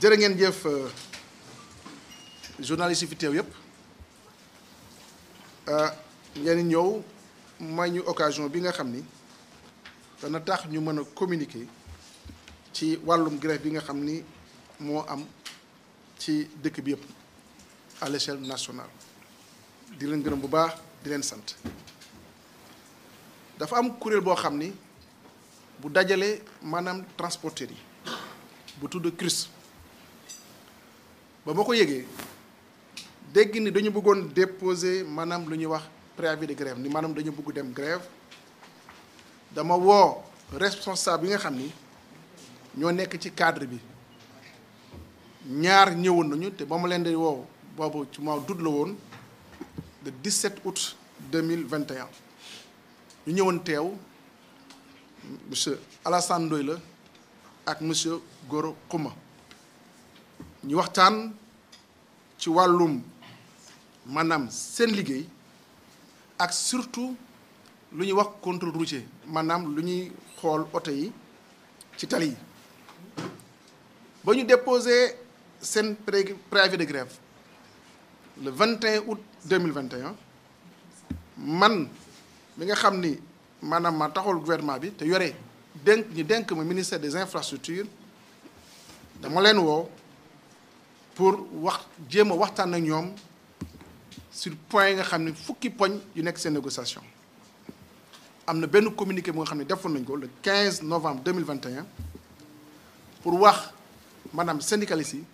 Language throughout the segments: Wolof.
jërë ngeen jëf euh, journaliste yi fi teew yëpp euh, ngeen ñëw may ñu occasion bi nga xam ni dana tax ñu mën a communiquer ci wàllum grève bi nga xam ni moo am ci dëkk bi yëpp à l'échelle nationale di leen gërëm bu baax di leen sant dafa am kuréel boo xam ni bu dajale maanaam transporteurs yi bu tudd CRUS ba ma ko yëgee dégg ni dañu bëggoon déposé maanaam lu ñuy wax préavis de grève ni maanaam dañu bëgg dem grève dama woo responsable yi nga xam ni ñoo nekk ci cadre bi ñaar ñëwoon nañu te ba ma leen di woo boobu ci mois d'août la woon le mille vingt 2021 ñu ñëwoon teew monsieur Alassane Ndoye la ak monsieur Goro Kouma ñu waxtaan ci wàllum maanaam seen liggéey ak surtout lu ñuy wax contrôle routier maanaam lu ñuy xool oto yi ci tali yi ba ñu déposé seen préavis de grève le 21 août 2021 man mi nga xam ni maanaam ma taxul gouvernement bi te yore dënk ñu dénk ma ministère des infrastructures dama leen woo pour wax jéem a waxtaan ak ñoom sur point yi nga xam ne fukki poñ yu nekk seen négociation am na benn communiqué bu nga xam ne defoon nañ ko le 15 novembre 2021 pour wax maanaam syndicalistes yi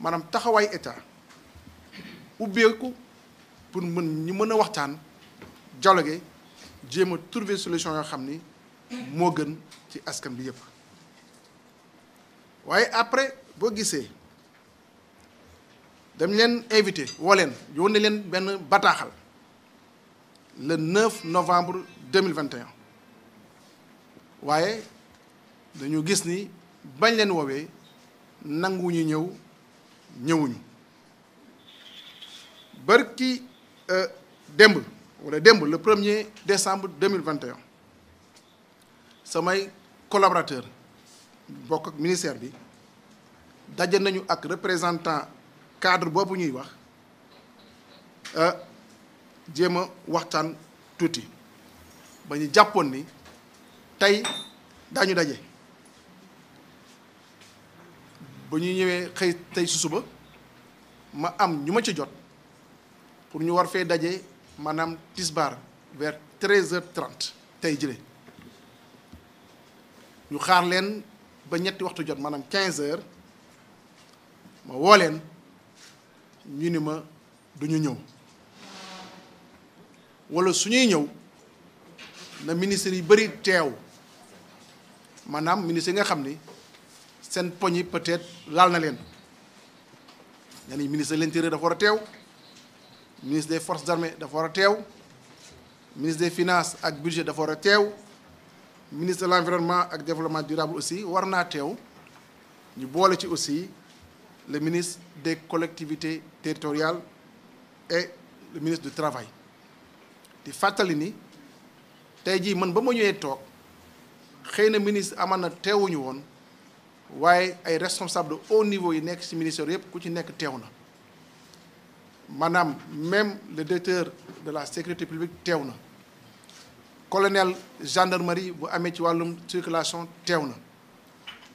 maanaam taxawaay état ubbeeku pour mën ñu mën a waxtaan jaloge jéem a trouver solution yoo xam ni moo gën ci askan bi yëpp waaye après boo gisee dem leen invité woo leen yónnee leen benn bataaxal le 9 novembre 2021 waaye dañu gis ni bañ leen woowee nanguwuñu ñëw ñëwuñu barki euh, démb wala démb le premier décembre 2021 samay collaborateur bokk ak ministère bi daje nañu ak représentant cadre boobu ñuy wax euh, jéem a waxtaan tuuti ba ñu jàppoon ni tey daañu daje ba ñuy ñëwee xëy tey su suba ma am ñu ma ci jot pour ñu war fee daje maanaam tisbaar vers treize heures trente tey jële ñu xaar leen ba ñetti waxtu jot maanaam quinze heures ma woo leen ñu ni ma duñu ñëw wala suñuy ñëw na ministre yi bëri teew maanaam ministre yi nga xam ni seen poñ yi peut-être laal na leen ña ni ministre de l'intérieur dafa war a teew ministre des forces armées dafa war a teew ministre de finance ak budget dafa war a teew ministre de l'environnement ak développement durable aussi war naa teew ñu boole ci aussi le ministre des collectivité territoriales et le ministre du travail di fàttali ni tey jii man ba ma ñëwee toog xëy na ministre aman na teewuñu woon waaye ay responsable de haut niveau yi nekk ci ministère yëpp ku ci nekk teew na maanaam même le directeur de la sécurité publique teew na colonel gendarmerie bu amee ci wàllum circulation teew na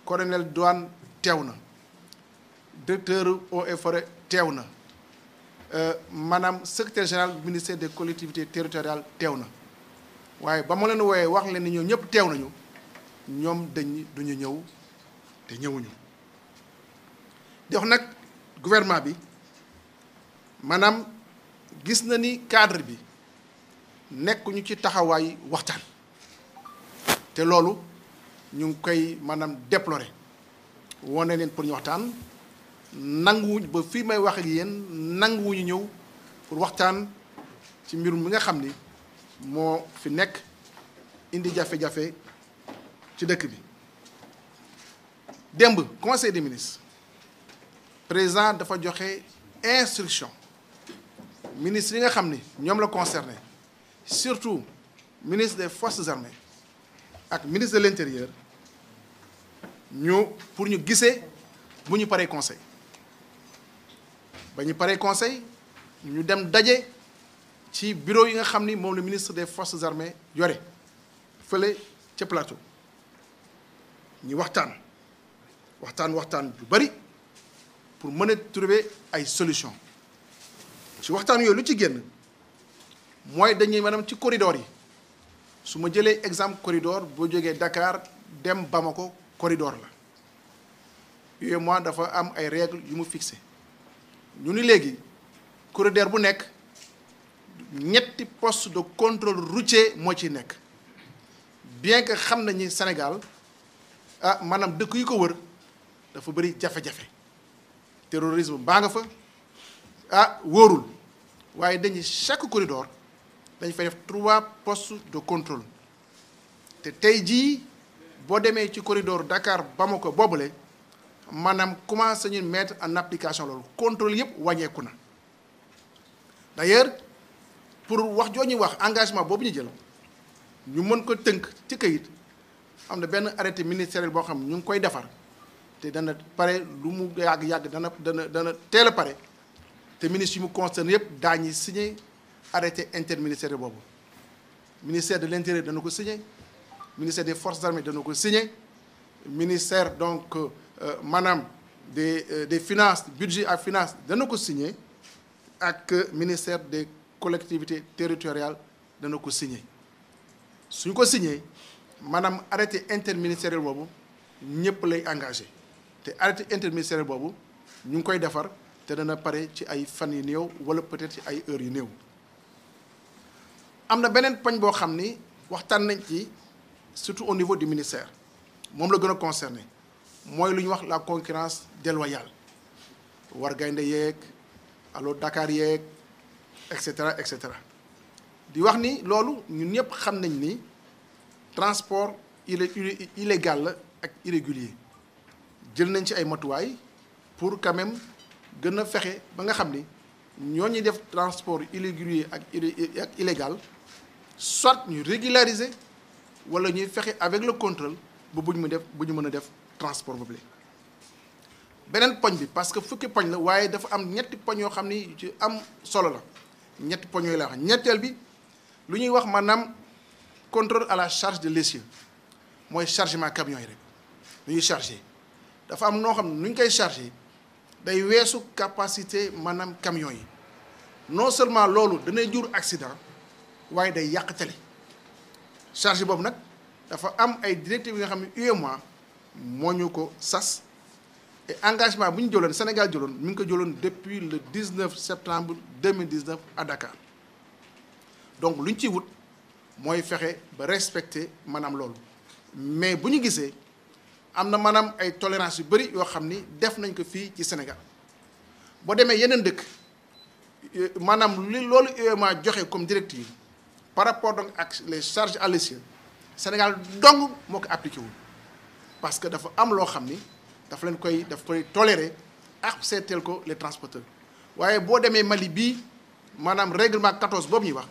colonel douane teew na directeur eaux et forêt teew na euh, maanaam secrétaire général ministère des collectivités territoriales teew na waaye ba ma leen wooyee wax leen ñoom ñëpp teew nañu ñoom dañ duñu ñëw te ñëwuñu di wax nag gouvernement bi maanaam gis na ni cadre bi nekkuñu ci taxawaay waxtaan te loolu ñu ngi koy maanaam déplorer wone leen pour ñu waxtaan nanguwuñ ba fii may wax ak yéen nanguwuñu ñëw pour waxtaan ci mbir mi nga xam ni moo fi nekk indi jafe-jafe ci dëkk bi démb conseil des ministre président dafa joxe instruction ministre yi nga xam ni ñoom la concerné surtout ministre des forces armées ak ministre de l'intérieur ñu pour ñu gisee bu ñu paree conseil ba ñu paree conseil ñu dem daje ci bureau yi nga xam ni moom la ministre des forces armées yore fële ca plateau ñu waxtaan waxtaan waxtaan bu bari pour mën a trouver ay solution su waxtaan yooyu lu ci génn mooy dañuy maanaam ci corridor yi su ma jëlee exemple corridor boo jógee dakaar dem ba ma Bamako corridor la yooyu moi dafa am ay règles yu mu fixé ñu ni léegi corridor bu nekk ñetti post de contrôle routier moo ci nekk bien que xam nañu Sénégal ah maanaam dëkk yu ko wër dafa bëri jafe-jafe terrorisme baa nga fa ah wóorul waaye dañuy chaque corridor dañ fay def trois postes de contrôle te tey jii boo demee ci corridor Dakar ko boobule. maanaam commencé ñu mettre en application loolu contrôle yëpp wàññeeku na d'ailleurs pour wax joo ñuy wax engagement boobu ñu jël ñu mën ko tënk ci kayit am na benn arrêté ministère boo xam ñu ngi koy defar te dana pare lu mu yàgg-yàgg dana dana dana teel a pare te ministre yi mu concerné yëpp daañu signé arrêté interministériel boobu ministère de l'intérieur dana ko signé ministère des forces armées dana ko signé ministère donc Euh, maanaam des euh, des finances budget ak finance dana ko signé ak euh, ministère des collectivités territoriale dana ko signé suñ ko signé maanaam arrêté interministériel boobu ñëpp lay engagé te arrêté interministériel boobu ñu ngi koy defar te dana pare ci ay fan yu néew wala peut-être ci ay heures yu néew am na beneen poñ boo xam ni waxtaan nañ ci surtout au niveau du ministère moom la gën a concerné mooy lu ñu wax la concurrence déloyale war gaynde yeeg allo Dakar yeeg et cetera et cetera di wax ni loolu ñun ñëpp xam nañ ni transport illégal la ak irrégulier jël nañ ci ay matuwaay pour quand même gën a fexe ba nga xam ni ñoo ñuy def transport irrégulier ak ak illégal soit ñu régulariser walla ñuy fexe avec le contrôle ba bu ñu mu def bu ñu mën a def transport bu beneen poñ bi parce que fukki poñ la waaye dafa am ñetti poñ yoo xam ni ci am solo la ñetti poñ yooyu la wax ñetteel bi lu ñuy wax maanaam contrôle à la charge de l'essieu mooy chargement camion yi rek lu ñuy chargé dafa am noo xam ne nu ñu koy chargé day weesu capacité maanaam camion yi non seulement loolu danay jur accident waaye day yàq tali charge boobu nag dafa am ay directives yi nga xam ne UEMOA moo ñu ko sas engagement bu ñu jëloon Sénégal jëloon mi ngi ko jëloon depuis le 19 septembre 2019 à Dakar donc lu ñu ciy wut mooy fexe ba respecter maanaam loolu mais bu ñu gisee am na maanaam ay tolérance yu bëri yoo xam ni def nañ ko fii ci Sénégal boo demee yeneen dëkk euh, maanaam li loolu UEMOA joxe comme directive par rapport donc ak les charges à l'essieu Sénégal dong moo ko appliqué wul parce que dafa am loo xam ni daf leen koy daf koy tolérer ak seeteel ko les transporteurs waaye boo demee Mali bii maanaam réglement 14 boobu ñuy wax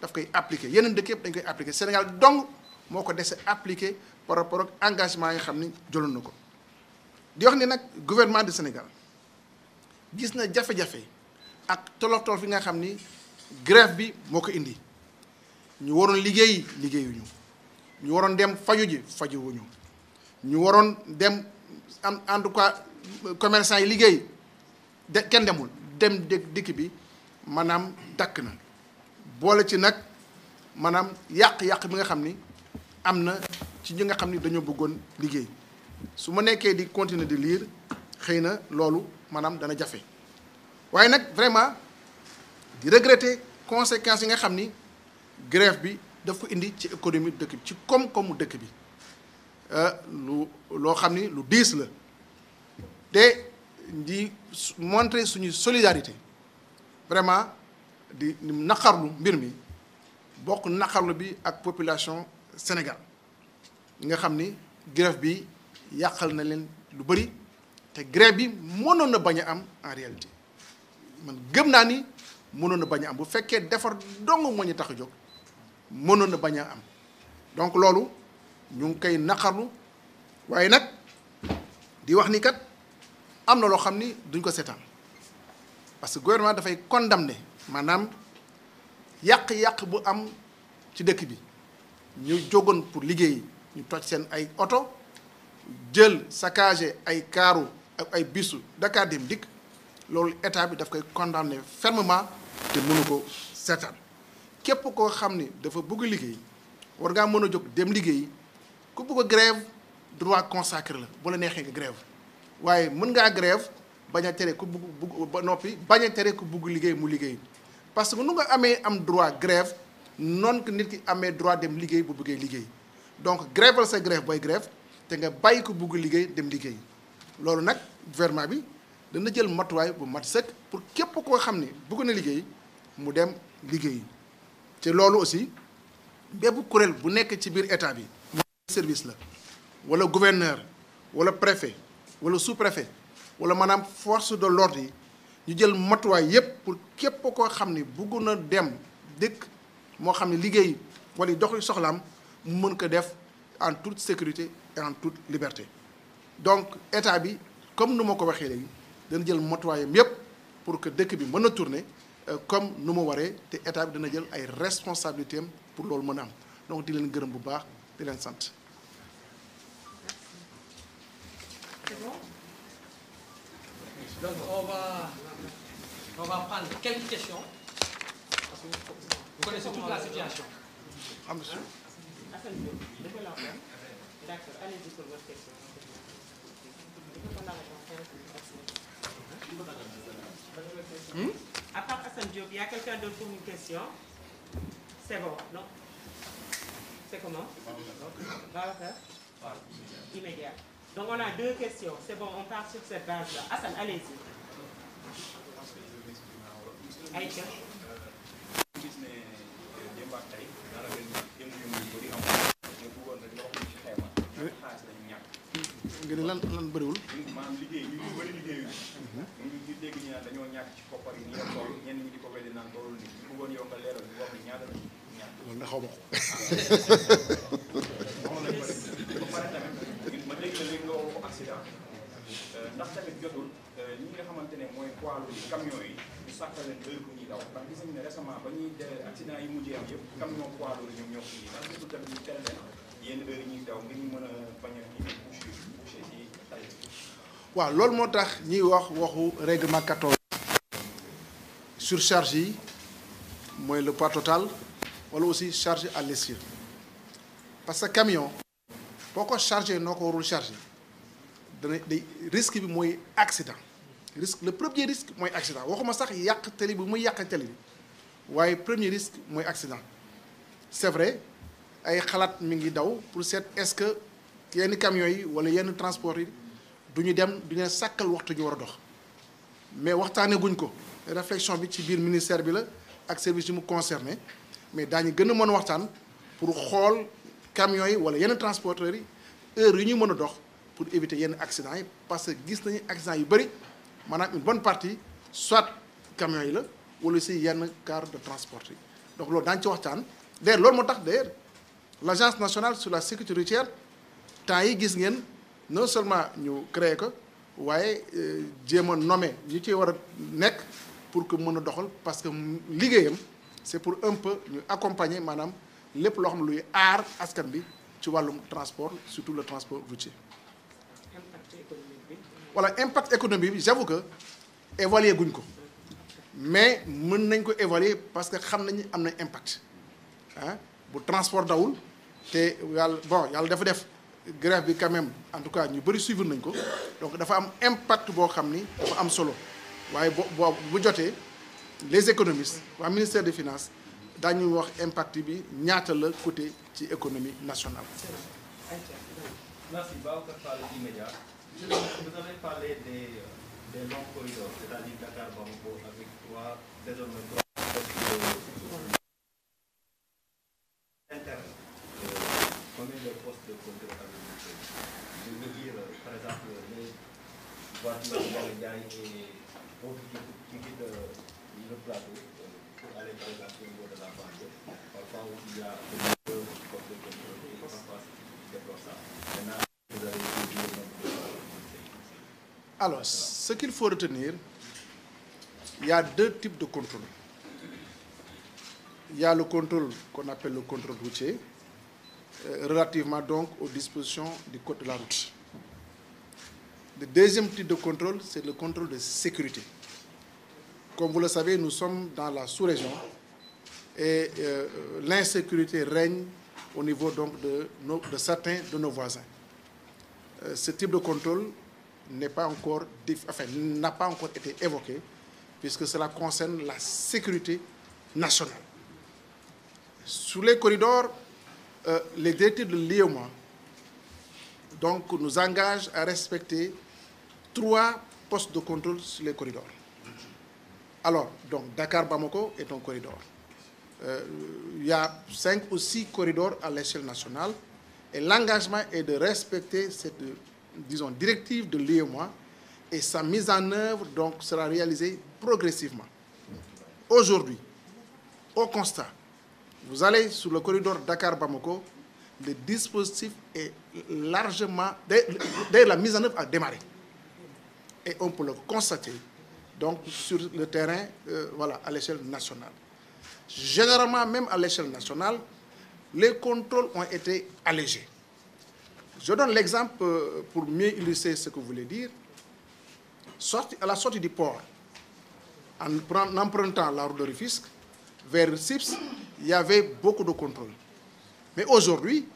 daf koy appliquer yeneen dëkk yëpp dañ koy appliquer Sénégal dong moo ko dese appliquer par rapport engagement yi xam ni jëloon na ko di wax ni nag gouvernement de Sénégal gis na jafe-jafe ak tolof-tolof yi nga xam ni grève bi moo ko indi ñu waroon liggéey liggéeyuñu ñu waroon dem faju ji fajuwuñu ñu waroon dem am en tout cas commerçant yi liggéey de kenn demul dem dikk bi maanaam dakk na boole ci nag maanaam yàq-yàq bi nga xam ni am na ci ñi nga xam ni dañoo bëggoon liggéey su ma nekkee di continuer de lire xëy na loolu maanaam dana jafe waaye nag vraiment di regretter conséquences yi nga xam ni grève bi daf ko indi ci économie dëkk bi ci koom-koomu dëkk bi Euh, lu loo xam ni lu diis la te di montrer suñu solidarité vraiment di naqarlu mbir mi bokk naqarlu bi ak population Sénégal nga xam ni gref bi yàqal na leen lu bëri te grève bi mënoon na bañ a am en réalité man gëm naa ni mënoon na bañ a am bu fekkee defar dong moo ñu tax a jóg mënoon na bañ a am donc loolu ñu ngi koy naqarlu waaye nag di wax ni kat am na loo xam ni duñ ko seetaan parce que gouvernement dafay condamné maanaam yàq-yàq bu am ci dëkk bi ñu jógoon pour liggéey ñu toj seen ay oto jël saccagé ay kaaru ay bisu Dakar Dem Dikk loolu état bi daf koy condamné fermement te mënu ko seetaan képp koo xam ni dafa bugg liggéey war ngaa mën a jóg dem liggéey ku bëgg a grève droit consacré la bu la neexee nga grève waaye mën ngaa grève bañ a tere ku bugg ba noppi bañ a tere ku bugg liggéey mu liggéey parce que nu nga amee am droit grève noon que nit ki amee droit dem liggéey bu buggee liggéey donc grèveal sa grève booy grève te nga bàyyi ko bugg liggéey dem liggéey loolu nag gouvernement bi dana jël matuwaay bu mat sëkk pour képp koo xam ne bugg na liggéey mu dem liggéey te loolu aussi bépp kuréel bu nekk ci biir état bi service la wala gouverneur wala préfet wala sous-préfet wala maanaam force de l'ordre yi ñu jël matuwaay yépp pour képp koo xam ni bugg na dem dëkk moo xam ne liggéey wala doxi soxlaam mu mën ko def en tout sécurité en tout liberté donc état bi comme nu ma ko waxee léegi dana jël matuwaayam yépp pour que dëkk bi mën a tourner euh, comme nu mu waree te état bi dana jël ay responsabilités pour loolu mën a am donc di leen gërëm bu baax di leen sant Donc on va, on va prendre quelques questions. Parce que vous connaissez toute la situation. Ah, monsieur. D'accord, allez-y pour votre question. Hmm? À part Hassan Diop, il y a quelqu'un d'autre pour une question C'est bon, non C'est comment Immédiat. Immédiat. Donc on a deux questions. C'est bon, on part sur cette base-là. Hassan, allez-y. Aïcha. nga ne lan lan bëriwul. maanaam liggéey ñu ngi bëri liggéeyu. ñu ngi dégg ñu naan dañoo ñàkk ci koppar yi nii la toll ñenn ñi di ko weddi naan tollul nii ñu bëggoon yow nga leeral ñu wax ni ñaata la ñàkk. loolu nag xaw ma ko. Euh, ndax tamit jotul euh, ñi nga xamante ne mooy poids yi camion yi ñu sàkkal leen heure bu ñuy ndax gis nañu yi mujjee am yëpp camion poids lourds yi ñoom ñoo ko tamit ñu tere leen yenn ñuy daw nga ñu mën a bañ a indi couche couche waaw loolu moo tax ñuy wax waxu règlement 14 surcharge yi mooy le poids total wala aussi charge à l'essieu parce que camion boo ko chargé noo ko warul chargé dana day risque bi mooy accident risque la premier risque mooy accident waxuma sax yàq tali bi muy yàq tali bi waaye premier risque mooy accident c'est vrai ay xalaat mi ngi daw pour seet est-ce que yenn camions yi wala yenn transport yi du ñu dem du ñu sàkkal waxtu ñu war a dox mais waxtaanee guñ ko réflexion bi ci biir ministère bi la ak service yi mu concerné mais daañu gën a mën waxtaan pour xool camions yi wala yenn transporteurs yi heure yu ñu mën a dox. pour éviter yenn accident yi parce que gis nañu accident yu bëri maanaam une bonne partie soit camions yi la wala si yenn car de transport yi donc loolu daañu ci waxtaan d'ailleurs loolu moo tax d'ailleurs l' nationale sur la sécurité routière temps yi gis ngeen non seulement ñu créer ko waaye euh, jéem a nommé ñi ci war a nekk pour que mën a doxal parce que liggéeyam c' est pour un peu ñu accompagner maanaam lépp loo xam luy aar askan bi ci wàllum transport surtout le transport routier wala impact économie bi j'avoue que évaluer guñ ko mais mën nañ ko évaluer parce que xam nañu am na impact ah bu transport dawul te yàlla bon yàlla dafa def grève bi quand même en tout cas ñu bëri suivre nañ ko donc dafa am impact boo xam ni dafa am solo waaye bo bu jotee les économistes waa ministère des finances daañu wax impact bi ñaata la coûté ci économie nationale. vous avez parlé des, des longs c'est-à-dire Dakar Bamako avec trois, désormais trois internes. Combien de postes de contrôle avez-vous Je veux dire, par exemple, les voitures de Gaï et autres qui quittent le plateau pour aller par exemple au niveau de la banque. Parfois, il y a des de contrôle et parfois, c'est pour Alors, ce qu'il faut retenir, il y a deux types de contrôle. Il y a le contrôle qu'on appelle le contrôle routier, euh, relativement donc aux dispositions du code de la route. Le deuxième type de contrôle, c'est le contrôle de sécurité. Comme vous le savez, nous sommes dans la sous-région et euh, l'insécurité règne au niveau donc de, nos, de certains de nos voisins. Euh, ce type de contrôle n'est pas encore enfin, n'a pas encore été évoquée, puisque cela concerne la sécurité nationale. Sous les corridors, euh, les directives de l'IOMA donc, nous engagent à respecter trois postes de contrôle sur les corridors. Alors, donc, Dakar-Bamako est un corridor. Euh, il y a cinq ou six corridors à l'échelle nationale et l'engagement est de respecter cette disons, directive de l'UEMOA et sa mise en œuvre donc sera réalisée progressivement. Aujourd'hui, au constat, vous allez sur le corridor Dakar-Bamako, le dispositif est largement... D'ailleurs, la mise en œuvre a démarré. Et on peut le constater, donc, sur le terrain, euh, voilà, à l'échelle nationale. Généralement, même à l'échelle nationale, les contrôles ont été allégés. Je donne l'exemple euh, pour mieux illustrer ce que vous dire. à la sortie du port, en empruntant la route de Rufisque, vers Sips, i y avait beaucoup de contrôles. Mais aujourd'hui,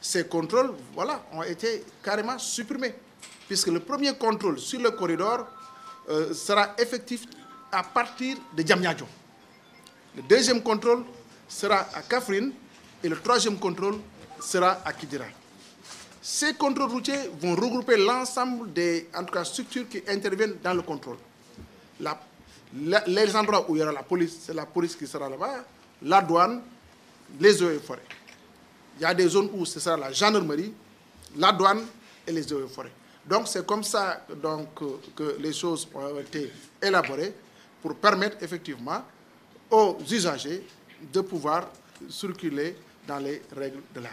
ces contrôles voilà, ont été carrément supprimés, puisque le premier contrôle sur le corridor euh, sera effectif à partir de Djamnyadjo. Le deuxième contrôle sera à Kafrine et le troisième contrôle sera à Kidira. Ces contrôles routiers vont regrouper l'ensemble des en tout cas, structures qui interviennent dans le contrôle. La, la, les endroits où il y aura la police, c'est la police qui sera là la douane, les eaux et forêts. Il y a des zones où ce la gendarmerie, la douane et les eaux forêts. Donc c'est comme ça donc, que les choses ont été élaborées pour permettre effectivement aux usagers de pouvoir circuler dans les règles de l'art.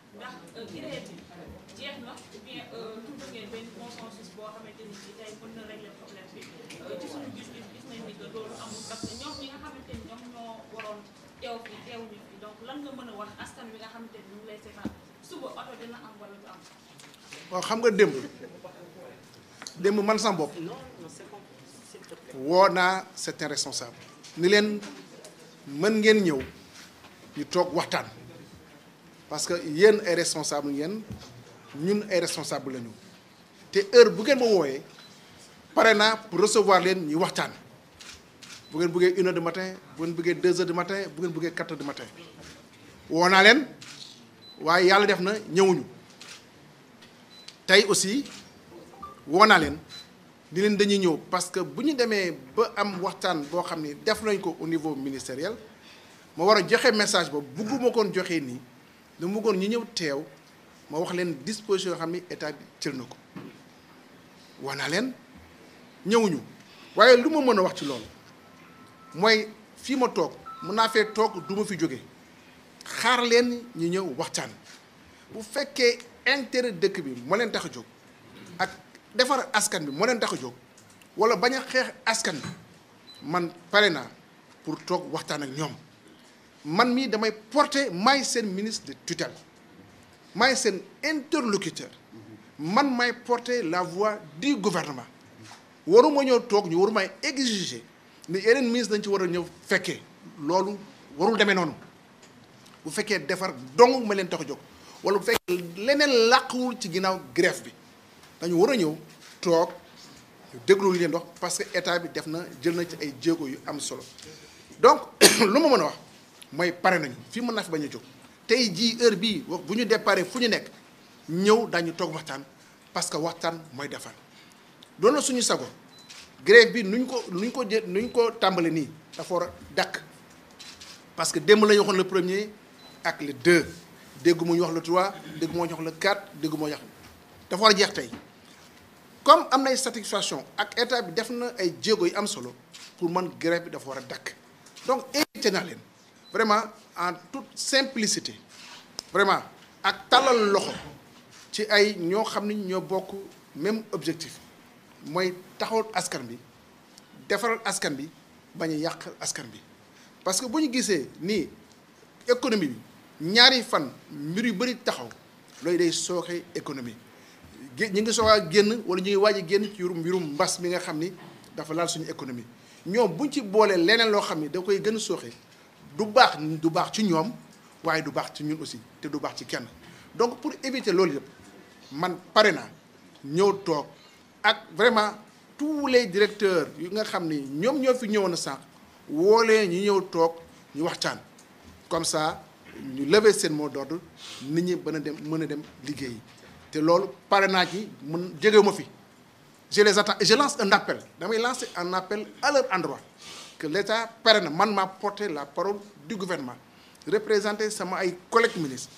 a waaw xam nga démb démb man sama bopp woo naa certains responsables ni leen mën ngeen ñëw ñu toog waxtaan. parce que yéen ay responsable ngeen ñun ay responsable lañu te heure bu ngeen ma wooyee pare naa pour recevoir leen ñu waxtaan bu ngeen bëggee une de du matin bu ngeen bëggee deux heures du matin bu ngeen bëggee quatre heures matin woo naa leen waaye yàlla def na ñëwuñu tey aussi woo naa leen ni leen dañuy ñëw parce que bu ñu demee ba am waxtaan boo xam ni def nañ ko au niveau ministériel ma war a joxe message ba bugguma koon joxee nii dama bëggoon ñu ñëw teew ma wax leen disposition yoo xam ni état bi jël na ko wax naa leen ñëwuñu waaye lu ma mën a wax ci loolu mooy fii ma toog mun naa fee toog du ma fi jóge xaar leen ñu ñëw waxtaan bu fekkee intérêt dëkk bi moo leen tax a jóg ak defar askan bi moo leen tax a jóg wala bañ a xeex askan bi man pare naa pour toog waxtaan ak ñoom man mii damay porter maay seen ministre de tutelle maay seen interlocuteur man may porter la voix di gouvernement waruma ñëw toog ñu waruma exiger ni yeneen ministre dañ ci war a ñëw fekkee loolu warul demee noonu bu fekkee defar dong ma leen tax a jóg wala bu fekkee leneen làquwul ci ginnaaw grève bi dañu war a ñëw toog ñu déglu leen dox parce que état bi def na jël na ci ay jéego yu am solo donc lu ma mën a wax. mooy pare nañu fii mën naa fi bañ a jóg tey jii heure bi bu ñu déparé fu ñu nekk ñëw dañu toog waxtaan parce que waxtaan mooy defar doon suñu sago grève bi nuñ ko nuñ ko jë nuñ ko tàmbale nii dafa war a dàq parce que démb la ñu waxoon le premier ak le déggu mu ñu wax le trois déggu moo ñu wax le quatre déggu moo ñu wax dafa war a jeex tey comme am na ay ak état bi def na ay jéego yu am solo pour man grève bi dafa war a dakk donc invité leen. vraiment en toute simplicité vraiment ak talal loxo ci ay ñoo xam ni ñoo bokk même objectif mooy taxawal askan bi defaral askan bi bañ yàq askan bi parce que bu ñu gisee nii économie bi ñaari fan mbir yu bëri taxaw loolu day sooke économie ñi ngi soogaa génn wala ñu ngi waaj a génn ci mbirum mbas mi nga xam ni dafa laal suñu économie ñoom buñ ci boolee leneen loo xam ni da koy gën a du baax du baax ci ñoom waaye du baax ci ñun aussi te du baax ci kenn donc pour éviter loolu yëpp man pare naa ñëw toog ak vraiment tous les directeurs yu nga xam ni ñoom ñoo fi ñëwoon a sànq woolee ñu ñëw toog ñu wax waxtaan comme ça ñu lever seen mot d'ordre nit ñi mën a dem mën a dem liggéey te loolu pare naa ci mën jegewuma fi je les attends et lance un appel damay lancer un appel à leur endroit que l'État pare na man maa porté la parole du gouvernement représenté sama ay collègues ministres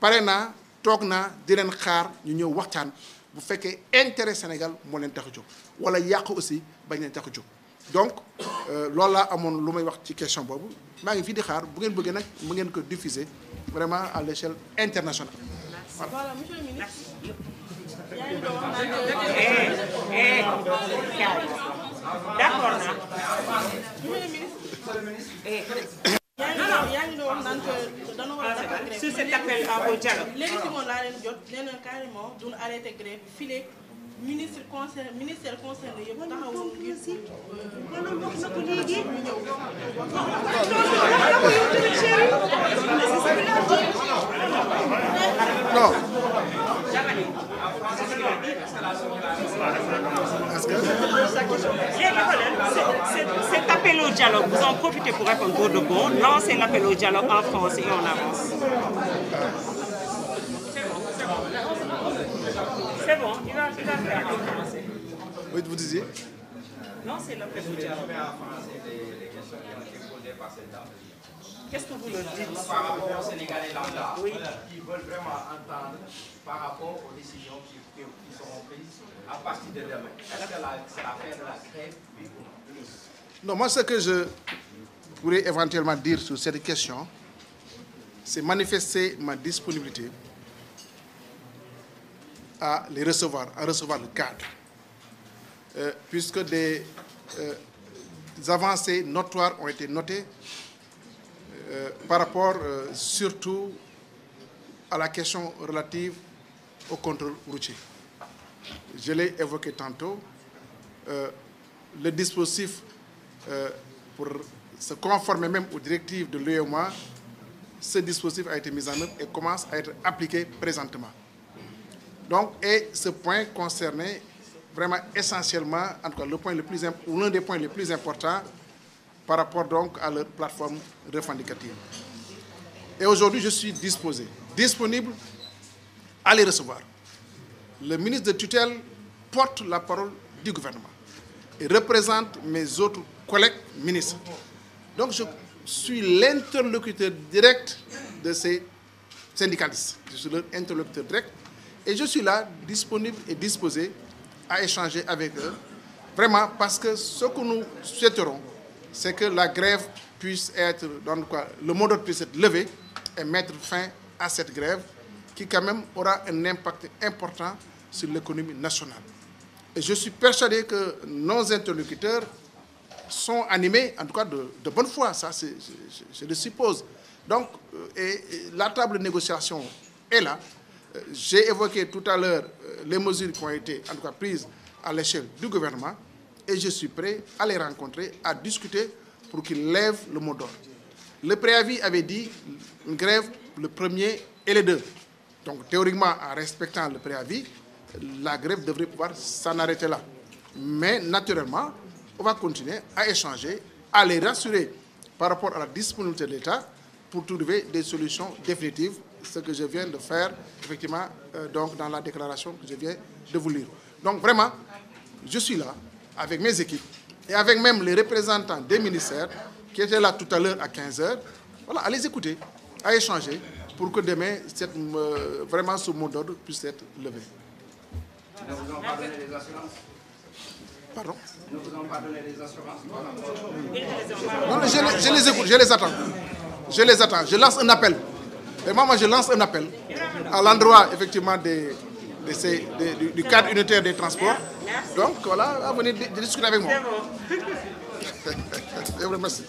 pare na toog naa di leen xaar ñu ñëw waxtaan bu fekkee intérêt Sénégal moo leen tax a jóg wala yàq aussi bañ leen tax jóg donc loolu laa amoon lu may wax ci question boobu maa ngi fii di xaar bu ngeen bëggee nag mu ngeen ko diffuser vraiment à l'échelle internationale. voilà, d'accord naa. yaa ngi doon wax naan que dañoo war a def grève sur cet appel au dialogue. léegi si moom laa leen jot nee na carrément duñ arrêté grève fii ministre conseil ministère concerné yëpp taxawul ngir si. maanaam wax na ko léegi. non. Cet appel au dialogue, vous en profitez pour répondre au Debon, lancez l'appel au dialogue en France et on avance. C'est bon, il va faire en français. Oui, vous disiez Lancez l'appel au dialogue. en français les questions qui ont été posées par cette dame. Qu'est-ce que vous leur dites par rapport aux de Est-ce que la fin de la grève oui ce que je pourrais éventuellement dire sur cette question, c'est manifester ma disponibilité à les recevoir, à recevoir le cadre, euh, puisque euh, des avancées notoires ont été notées Euh, par rapport euh, surtout à la question relative au contrôle routier. Je l'ai évoqué tantôt. Euh, le dispositif pour se conformer même aux directives de l'UEMOA, ce dispositif a été mis en œuvre et commence à être appliqué présentement. Donc, et ce point concernait vraiment essentiellement, en tout cas, le point le plus, l'un des points les plus importants, par rapport donc à leur plateforme revendicative. Et aujourd'hui, je suis disposé, disponible à les recevoir. Le ministre de tutelle porte la parole du gouvernement et représente mes autres collègues ministres. Donc je suis l'interlocuteur direct de ces syndicalistes. Je suis leur interlocuteur direct et je suis là, disponible et disposé à échanger avec eux, vraiment parce que ce que nous souhaiterons, c'est que la grève puisse être, donc quoi, le mot d'ordre puisse être levé et mettre fin à cette grève qui quand même aura un impact important sur l'économie nationale. Et je suis persuadé que nos interlocuteurs sont animés, en tout cas de, de bonne foi, ça c'est, je, je, je, le suppose. Donc, euh, et, et la table de négociation est là. Euh, j'ai évoqué tout à l'heure euh, les mesures qui ont été en tout cas prises à l'échelle du gouvernement. et je suis prêt à les rencontrer, à discuter pour qu'ils lèvent le mot d'ordre. Le préavis avait dit une grève le premier et le deux. Donc théoriquement, en respectant le préavis, la grève devrait pouvoir s'en arrêter là. Mais naturellement, on va continuer à échanger, à les rassurer par rapport à la disponibilité de l'État pour trouver des solutions définitives, ce que je viens de faire effectivement euh, donc dans la déclaration que je viens de vous lire. Donc vraiment, je suis là. avec mes équipes et avec même les représentant des ministères qui étaient là tout à l'heure à 15 heures, à les écouter, pour que demain, cette, euh, vraiment d'ordre puisse être levé. Non, je, les attends. Je lance un appel. Et moi, je lance un appel à l'endroit, effectivement, des de ces, de, du, du, cadre unitaire des transports. Donc voilà, à venir discuter avec moi. Je vous remercie.